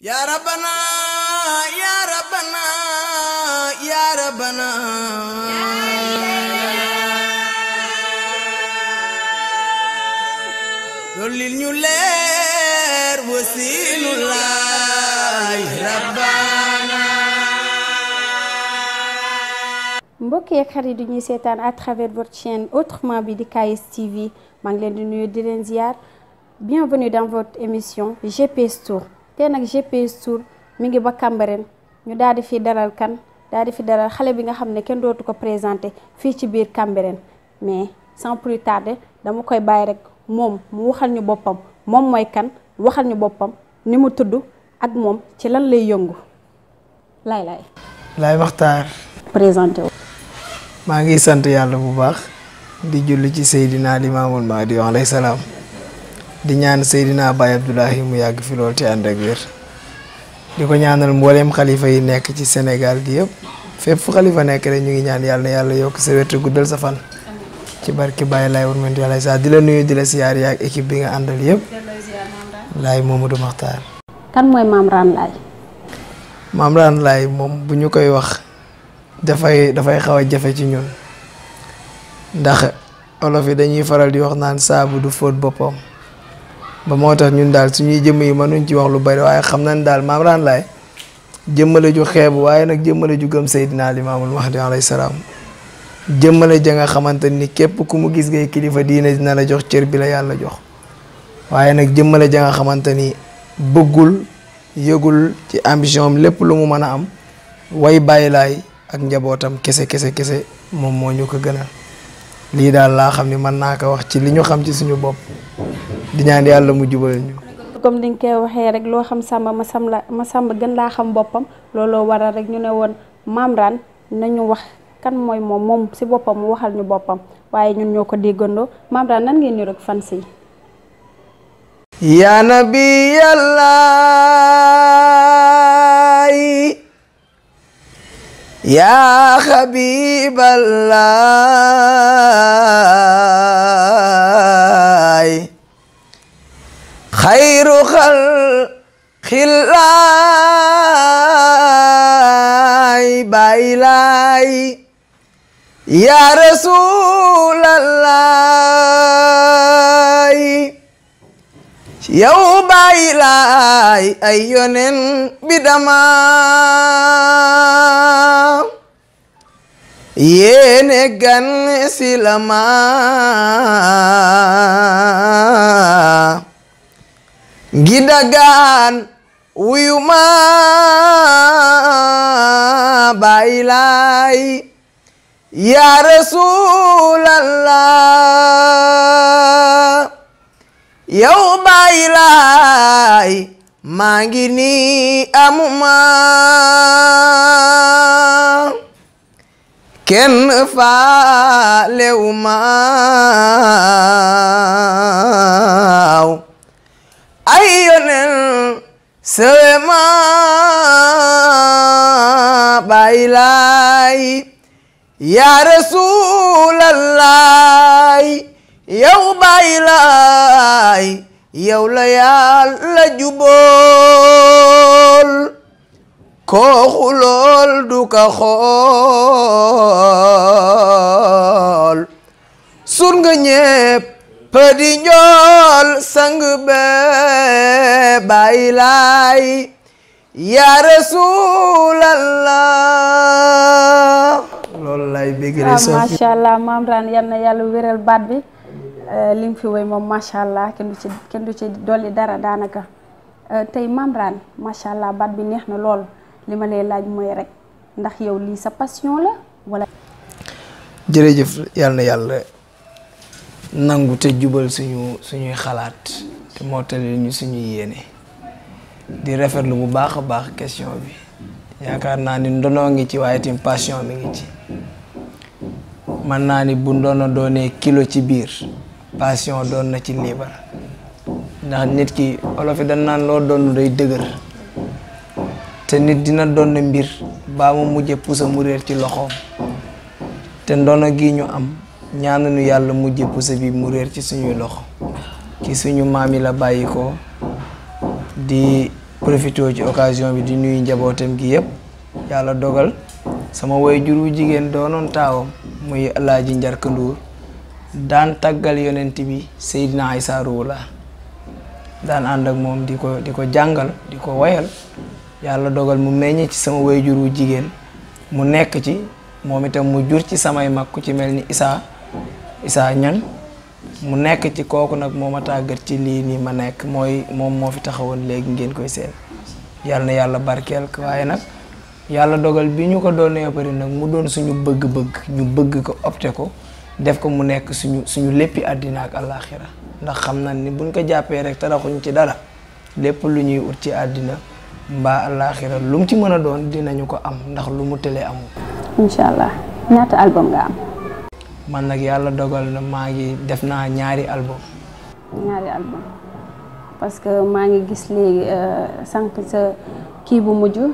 يا ربنا يا ربنا يا ربنا dolil ñu leer rabbana mbokk yeeg xarit yi ñuy seetaan à travers votre chaîne autrement bi TV maa ngi leen di nuyu di leen ziar bienvenue dans votre émission GPS tey nag GPS Tour mu ngi ba Cambérène ñu daal di fi daral kan daal di fi dalal xale bi nga xam ne kenn dootu ko présenté fii ci biir Cambérène mais sans plus tarder dama koy bàyyi rek moom mu boppam moom mooy kan waxal ñu boppam ni mu tudd ak moom ci lan lay yëngu laay laay. laay waxtaar. présenté maa ngi sant yàlla bu baax di julli ci Seydina Limaamul Mahdi alayhi salaam. di ñaan Seydina Baye Abdoulahi mu yàgg fi lool te ànd ak wér di ko ñaanal mbooleem xalifa yi nekk ci senegal gi yëpp fépp fu xalifa nekk rek ñu ngi ñaan yàlla yàlla yokk sa wetu guddal sa fan ci barki Baye Laye wut mënti yàlla saa di la nuyu di la siyaar yi ak bi nga àndal yëpp Laye Momadou Makhtar. kan mooy Mame Rane Laye. moom bu ñu koy wax dafay dafay xaw a jafe ci ñun ndax olof yi dañuy faral di wax naan saabu du fóot boppam. ba moo tax ñun daal suñuy jëmm yi mënuñ ci wax lu bari waaye xam na nañ daal maam raan laay jëmmale ju xeebu waaye nag jëmmale ju gëm Seydina Limaamul Mahdi alayhi salaam jëmmale ja nga xamante ni képp ku mu gis ngay kilifa diine dina la jox cër bi la yàlla jox waaye nag jëmmale ja nga xamante ni bëggul yëgul ci ambition lépp lu mu mën a am way bàyyi laay ak njabootam kese kese kese moom moo ñu ko gënal lii daal laa xam ni mën naa ko wax ci li ñu xam ci suñu bopp di ñaan yàlla mu jubale ñu. comme ni nga koy waxee rek loo xam Samba ma Masamba gën laa xam boppam looloo waral rek ñu ne woon Mame Rane nañu wax kan mooy moom moom si boppam mu waxal ñu boppam waaye ñun ñoo ko déggandoo Mame Rane nan ngeen ni rek fan si. yaa nabiyallaahi خير خلق الله بايلاي يا رسول الله يو بايلاي أيونن بدما yéene gan silama gidagaan wuyu ma baylay ya rasulallah yow baylay maa ngi ni amuma kenn faalewuma ay yonen sewema baylay ya rasulallah yow baylay yow la yàlla jubool koo xulool du ka xool sun nga ñépp pëdi njool sang be baylay ya rasulallah loolu ah, allah maam raan yal na yàlla wéral baat bi eh, li mu fi woy moom macha allah kenn du ci kenn du ci dolli dara daanaka eh, tey maam raan macha allah baat bi neex na lool li ma laaj mooy rek ndax yow lii sa passion la wala jërëjëf yal na yàlla nangu te jubal suñu suñuy xalaat te mottali ñu suñu yéene di rafetlu bu baax a baax question bi yaakaar naa ni ndonoo ngi ci waaye tim passion mi ngi ci mën naa ni bu ndono doonee kilo ci biir passion doon na ci liibar ndax nit ki olof da dañ naan loo doon day dëgër te nit dina donn mbir baa mu mujje pusa mu réer ci loxoom te ndono gi ñu am ñaananu yàlla mujje puso bi mu réer ci suñuy lox ci suñu maam yi la bàyyi ko di profité ci occasion bi di nuyu njabootam gi yëpp yàlla dogal sama woy jur wu jigéen doonoon taawam muy alaaji Njarka daan tàggal yonent bi Seydina Isaa Ruuhu Laah daan ànd ak moom di ko di ko jàngal di ko woyal yàlla dogal mu meññe ci sama waajur wu jigéen mu nekk ci moom itam mu jur ci samay mag ku ci mel ni Isaa Issa Niang mu nekk ci kooku nag moom ma tàggat ci lii nii ma nekk mooy moom moo fi taxawoon léegi ngeen koy seen yàlla na yàlla barkeel waaye nag yàlla dogal bi ñu ko doonee bari nag mu doon suñu bëgg-bëgg ñu bëgg ko opte ko def ko mu nekk suñu suñu léppi àddina ak àllaaxira ndax xam na ni buñ ko jàppee rek taraxuñ ci dara lépp lu ñuy ut ci àddina mbaa àllaaxira lu mu ci mën a doon dinañu ko am ndax lu mu tëlee amul. incha allah ñaata album nga am. man nag yàlla dogal na maa ngi def naa ñaari album. ñaari album parce que maa ngi gis léegi euh, sànq sa kii bu mujj euh,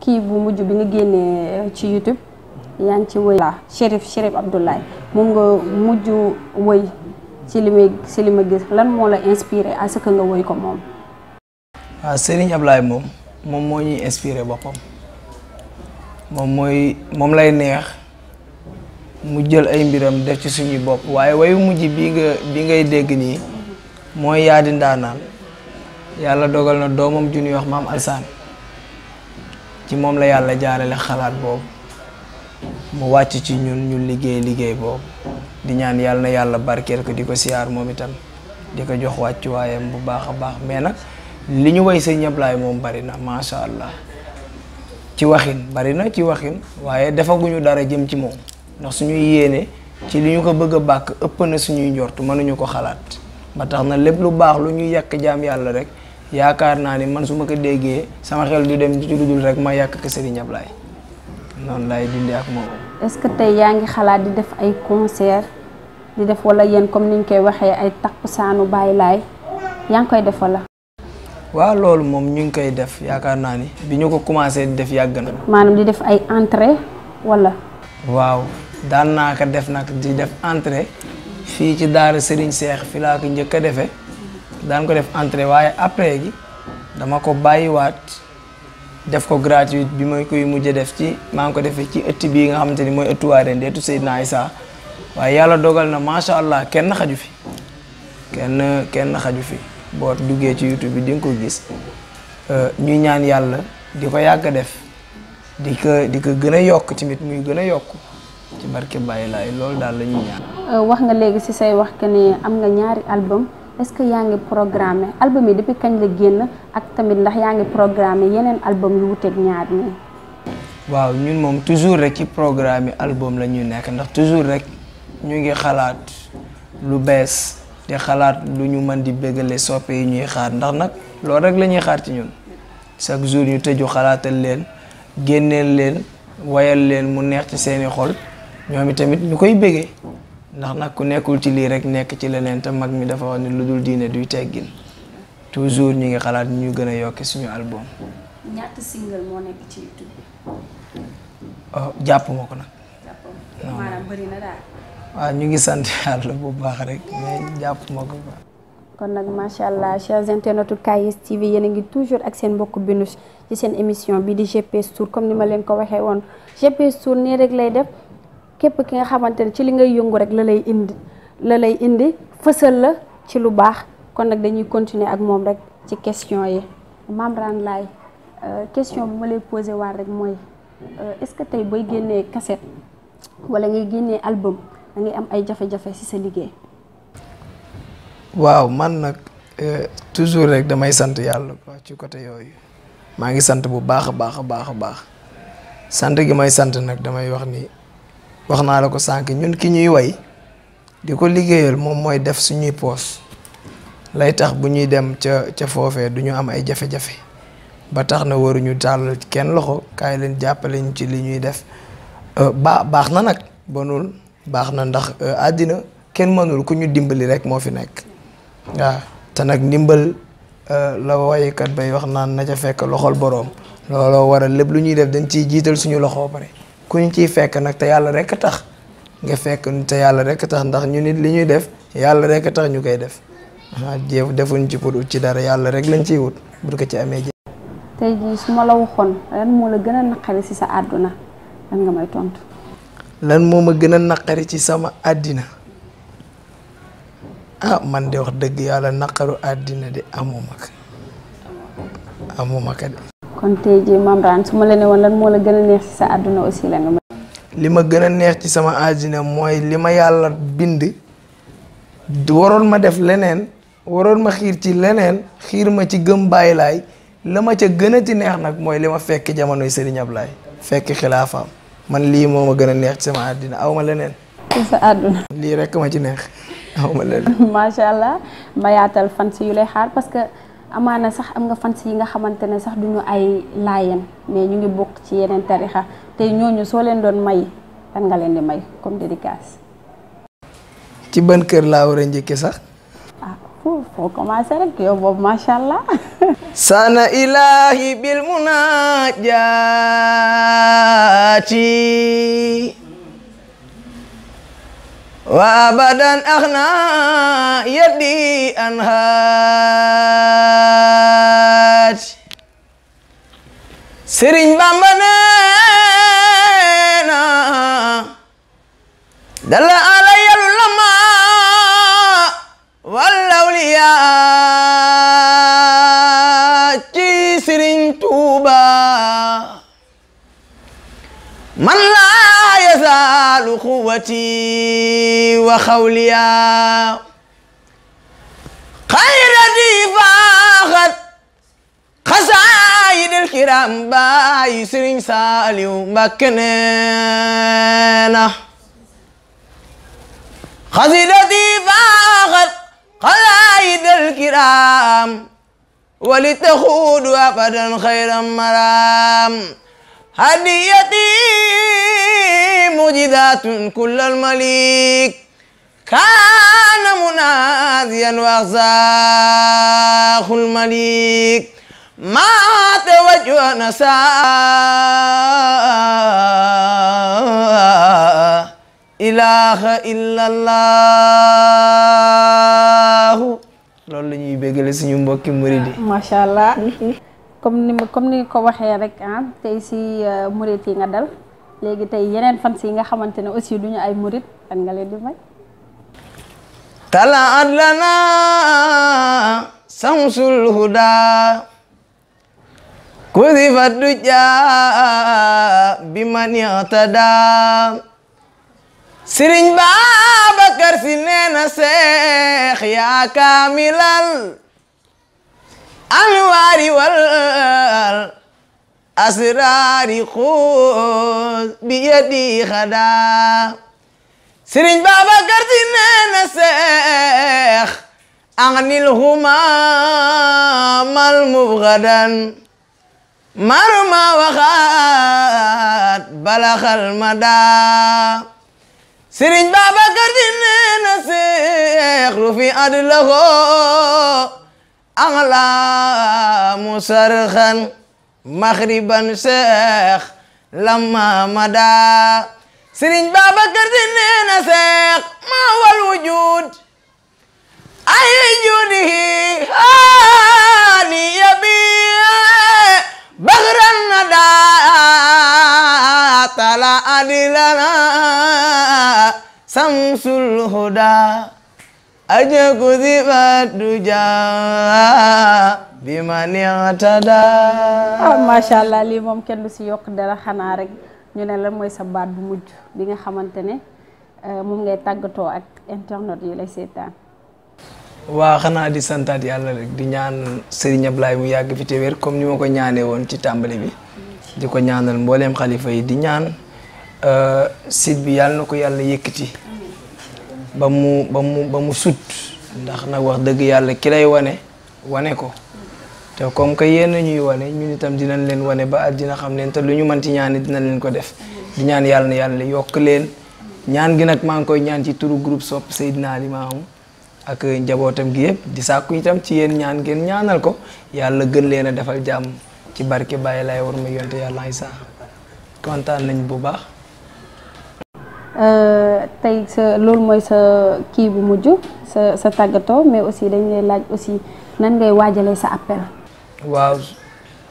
kii bu mujj bi nga génnee euh, ci YouTube yaa ngi ci wëy la Chérif Chérif Abdoulaye moom nga mujj wëy ci li may ci li ma gis lan moo la inspiré à ce que nga wëy ko moom. waaw ah, Serigne Ablaye moom moom mooy moom lay neex. mu jël ay mbiram def ci suñuy bopp waaye wayu mujj bi nga bi ngay dégg nii mooy yaa di yàlla dogal na doomam ju ñuy wax maam alsaan ci moom la yàlla jaarale xalaat boobu mu wàcc ci ñun ñu liggéey liggéey boobu di ñaan yàlla na yàlla barkeel ko di ko siyaar moom itam di ko jox wàccuwaayam bu baax a baax mais nag li ñu way sëñ Ablaay moom bari na macha allah ci waxin bari na ci waxin waaye defaguñu dara jëm ci moom ndax suñuy yéene ci li ñu ko bëgg a bàkk ëpp na suñuy njort mënuñu ko xalaat ba tax na lépp lu baax lu ñuy yàq jaam yàlla rek yaakaar naa ni man su ma ko déggee sama xel di dem ci lu dul rek ma yàq ko Serigne Ablaye noonu laay dindi ak moom. est-ce que tey yaa ngi xalaat di def ay concert di def wala yéen comme ni koy waxee ay takkusaanu Baay Laay yaa ngi koy def wala. waaw loolu moom ñu ngi koy def yaakaar naa ni bi ñu ko commencé def yàgg na. maanaam di def ay entrée wala. waaw daan naa ko def nag di def entrée fii ci daara Serigne Cheikh fi laa ko njëkk a defee daan ko def entrée waaye après gi dama ko bàyyiwaat def ko gratuite bi ma koy mujj def ci maa ngi ko defee ci ëtt bi nga xamante ni mooy ëttu waareen deetu Seydina Issa waaye yàlla dogal na macha allah kenn xaju fi kenn kenn xaju fi boo duggee ci YouTube bi di nga ko gis euh, ñu ñaan yàlla di ko yàgg def. di ko di ko gën a yokk tamit muy gën a yokk ci barke Baye Laay loolu daal la ñuy euh, wax nga léegi si say wax que ne am nga ñaari album est-ce que yaa ngi programmé album yi depuis kañ la génn ak tamit ndax yaa ngi programme yeneen album yu wuteeg ñaar ñi. waaw ñun moom toujours rek ci programme yi album la ñuy nekk ndax toujours rek ñu ngi xalaat lu bees di xalaat lu ñu mën di bëggale soppe yi ñuy xaar ndax nag loolu rek la ñuy xaar ci ñun chaque jour ñu tëju xalaatal leen. génneel leen wayal leen mu neex ci seeni xol ñoom itamit ñu koy bëggee ndax nag ku nekkul ci lii rek nekk ci leneen te mag mi dafa wax ni lu dul diine duy teggin toujours ñu ngi xalaat ñu gën a yokki suñu album. ñaata single oh, ko nag. na daal. waaw ah, ñu ngi sant yàlla bu baax rek mais jàpp ma ko kon nag macha allah chers internautes KS TV yéen a ngi toujours ak seen mbokk binus ci seen émission bi di GPS Tour comme ni ma leen ko waxee woon GPS Tour nii rek lay def képp ki nga xamante ne ci li ngay yëngu rek la lay indi la lay indi fësal la ci lu baax kon nag dañuy continuer ak moom rek ci question yi Mame Rane Laye euh, question bu ma lay posé waar rek mooy euh, est-ce que tey booy génnee cassette wala ngay génnee album da ngay am ay jafe-jafe ci sa liggéey. waaw man nag eh, toujours rek damay sant yàlla quoi ci côté yooyu maa ngi sant bu baax a baax a baax a baax sant gi may sant nag damay wax ni wax naa la ko sànq ñun ki ñuy way di ko liggéeyal moom mooy def suñuy poos lay tax bu ñuy dem ca ca foofee du ñu am ay jafe-jafe ba tax na waruñu tàllal kenn loxo kaay leen jàppale ñu ci li ñuy def eh, ba baax na nag bonul baax na ndax eh, àddina kenn mënul ku ñu dimbali rek moo fi nekk waaw te nag ndimbal euh, la woykat bay wax naan na ca fekk loxol boroom looloo waral lépp lu ñuy def dañ ciy jiital suñu loxo pare ku ñu ciy fekk nag te yàlla rekk tax nga fekk te yàlla rekk tax ndax ñu nit li ñuy def yàlla rekk ñu koy def waaw jéem defuñ ci pour ci dara yàlla rek lañ ciy wut bu ko ci amee. tey jii su ma la waxoon lan moo la gën a naqari ci sa àdduna lan nga may tontu. lan moo ma gën a naqari ci sama àddina. ah man de wax dëgg yàlla naqaru àddina de amuma ka amuma ka de. kon tey jii su ma la lan moo la gën a neex ci sa àdduna aussi la nga ma. gën a neex ci sama àddina mooy li ma yàlla bind waroon ma def leneen waroon ma xiir ci leneen xiir ma ci gëm bàyyi la ma ca gën a ci neex nag mooy li fekk jamonoy Serigne Ablaye fekk xilaafaam man lii moo ma gën a neex ci sama àddina aw ma leneen. lii rekk ma ci neex. macha allah ma yaatal fans yu lay xaar parce que amaana sax am nga fans yi nga xamante ne sax duñu ay laayeen mais ñu ngi bokk ci yeneen tarixa te ñooñu soo leen doon may lan nga leen di may comme dédicace. ci ban kër laa war a njëkke sax. ah foo commencé rek yow boobu macha allah. sana ilahi bil munajaati وابدا اغنى يدي انهاج سرين بامبنا دل علي العلماء والاولياء قوتي وخوليا خير ذي فاخر خزاين الكرام باي سرين سالي ومكننا خزيدتي فاخر خزاين الكرام ولتخود أبدا خير مرام هديتي مجدات كل المليك كان مناديا وأغزاه المليك ما توجه نساء إله إلا الله loolu la ñuy béggale suñu mbokki murid yi macha allah comme ni comme ni nga ko waxee rek ah tey si euh, murid yi nga dal léegi tey yeneen fans yi nga xamante ne aussi duñu ay murit kan nga leen di may talaat lana samsul huda kudifat duja bi man yatada Sëriñ Babacar Si neena seex yaa kaamilal anwaari wal asraari xuus bi yadi xadaa sëriñ Babacar Si nee na seex agnil xumamal mubgadan marma waxaat balaxal madaa sëriñ Babacar Si nee na seex rufi adlaxo agla musarxan maxriban seex lamma madaa sëriñ Babacar Si nee na seex ma wal wujud ay judihi haani yabi baxran nadaa tala adilana samsul huda ajaku zibat dujaa bi ma niatada ah macha allah lii moom kenn du si yokk dara xanaa rek ñu ne lan mooy sa baat bu mujj bi nga xamante ne euh, moom ngay tàggatoo ak internet yi lay seetaan waa xanaa di santaat yàlla rek di ñaan Serigne Ablaye mu yàgg fi te wér comme ni ma ko ñaanee woon ci tàmbali bi di ko ñaanal mbooleem xalifa yi di ñaan euh, site bi yàlla na ko yàlla yëkkati ba mu ba mu ba sut ndax nag wax dëgg yàlla ki lay wane wane ko te comme que yéen ñuy wane ñun itam dinañ leen wane ba àddina xam leen te lu ñu mën ci ñaan dinañ leen ko def di ñaan yàlla na yàlla yokk leen ñaan gi nag maa ngi koy ñaan ci turu groupe sopp Seydina Limamou ak njabootam gi yëpp di sàkku itam ci yéen ñaan ngeen ñaanal ko yàlla gën leen a defal jàmm ci barke bàyyi laay war ma yonte yàlla ay saa kontaan nañ bu baax euh, tey sa loolu mooy sa kii bu mujj sa sa tàggatoo mais aussi dañ lay laaj aussi nan ngay sa waaw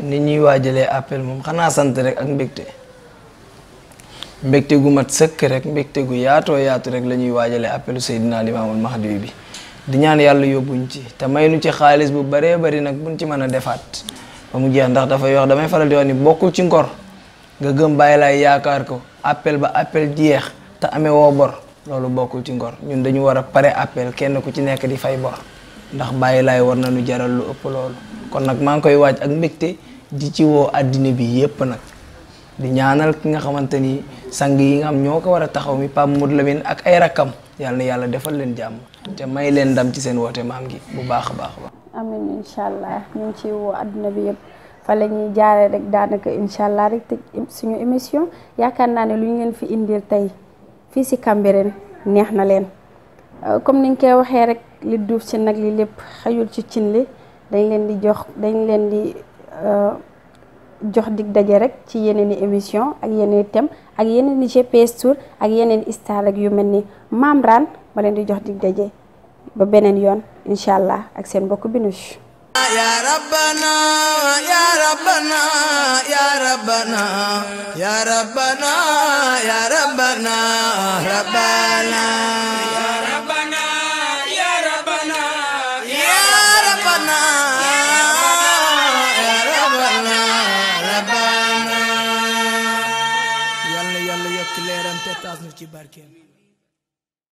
ni ñuy waajalee appel moom xanaa sant rek ak mbégte mbégte gu mat sëkk rek mbégte gu yaatoo yaatu rek la ñuy waajalee appelu Seydina Limaamul Mahdi bi di ñaan yàlla yóbbuñ ci te may nu ci xaalis bu baree bari nag buñ ci mën a defaat ba mu jeex ndax dafay wax damay faral di wax ni bokkul ci ngor nga gëm bàyyi laay yaakaar ko appel ba appel jeex te amewoo bor loolu bokkul ci ngor ñun dañu war a pare appel kenn ku ci nekk di fay bor ndax bàyyi laay war na nu jaral lu ëpp loolu kon nag maa ngi koy waaj ak mbégte di ci woo àddina bi yépp nag di ñaanal ki nga xamante ni sang yi nga xam ñoo ko war a taxaw mi Pape Modou Lamine ak ay rakkam yàlla yàlla defal leen jàmm te may leen ndam ci seen woote maam gi bu baax baax a baax amin incha allah ñu ngi ciy woo àdduna bi yëpp fa la ñuy jaaree rek daanaka incha allah rek suñu émission yaakaar naa ne lu ñu leen fi indil tey fii si Cambérène neex na leen euh, li duuf ci nag li lépp xajul ci cin li dañ leen di jox dañ leen di euh, jox dig daje rek ci yeneen i émission ak yeneen i ak yeneen i GPS tour ak yeneen i ak yu mel ni Mame Rane ma leen di jox dig daje ba beneen yoon incha allah ak seen mbokk Binuche يا ربنا يا ربنا يا ربنا يا ci barkeem